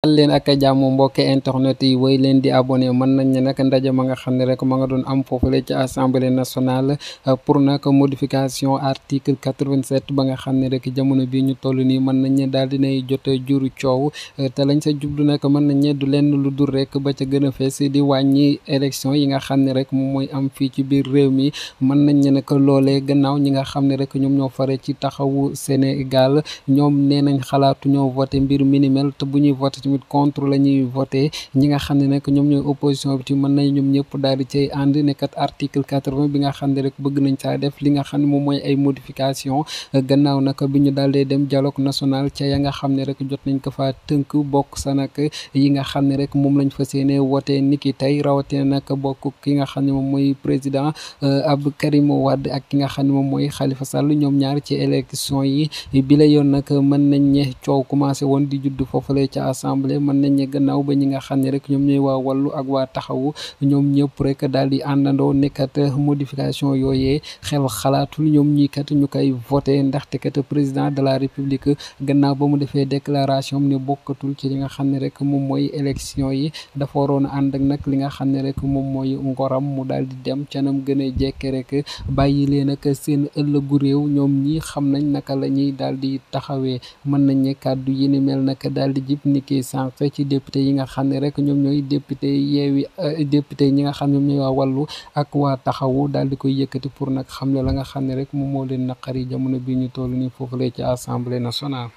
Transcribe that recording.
dal leen ak jàmm mbokki internet yi way leen di abonné mën nañ ne nag ndaje ma nga xam ne rek ma nga doon am foofule ci assemblée nationale euh, pour nag modification article 87 ba nga xam ne rek jamono bi ñu toll nii mën nañ ne daal dinay jot juru coow euh, te lañ sa jublu nag mën nañ ne du lenn lu dul rek ba ca gën a fees di wàññi élection yi nga xam ne rek moom mooy am fii ci biir réew mi mën nañ ne nag loolee gannaaw ñi nga xam ne rek ñoom ñoo fare ci taxawu Sénégal ñoom nee nañ xalaatu ñoo voté mbir minimel wut contre la ñuy voté ñi nga xam ne nag ñoom ñooy opposition bi ci mën nañ ñoom ñëpp daal ànd nekkat article bi nga xam ne rek bëgg nañ caa def li nga xam ne moom mooy ay modification gannaaw nag bi ñu daal dem dialogue national ca ya nga xam ne rek jot nañ ko faa tënk bokk sa nag yi nga xam ne rek moom lañ fas yéene wote niki tey rawatina nag bokk ki nga xam ne moom mooy président euh, Abdou Karim Wade ak ki nga xam ne moom mooy Khalifa Sall ñoom ñaar ci élection yi assemblée mën nañ ne gannaaw ba ñi nga xam ne rek ñoom ñooy waa wàllu ak waa taxawu ñoom ñëpp rek daal di àndandoo nekkat eh, modification yooyee xel xalaatul ñoom ñii kat ñu koy voté ndaxte kat président de la république gannaaw ba mu defee déclaration ne bokkatul ci li nga xam ne rek moom mooy élection yi dafa waroon a ànd ak nag li nga xam ne rek moom mooy ngoram mu daal di dem canam gën a jekke rek bàyyi leen ak seen ëllëgu réew ñoom ñii xam nañ naka la ñuy daal di taxawee mën nañ ne kàddu yi ni mel naka daal di jib ni sànq ci député yi nga xam ne rek ñoom ñooy député yeewi euh, député ñi nga xam ne ñoom ñooy waa wàllu ak waa taxawu daal di koy yëkkati pour nag xam ne la nga xam ne rek moom moo leen naqari jamono bi ñu toll nii foofu la ci assemblée nationale.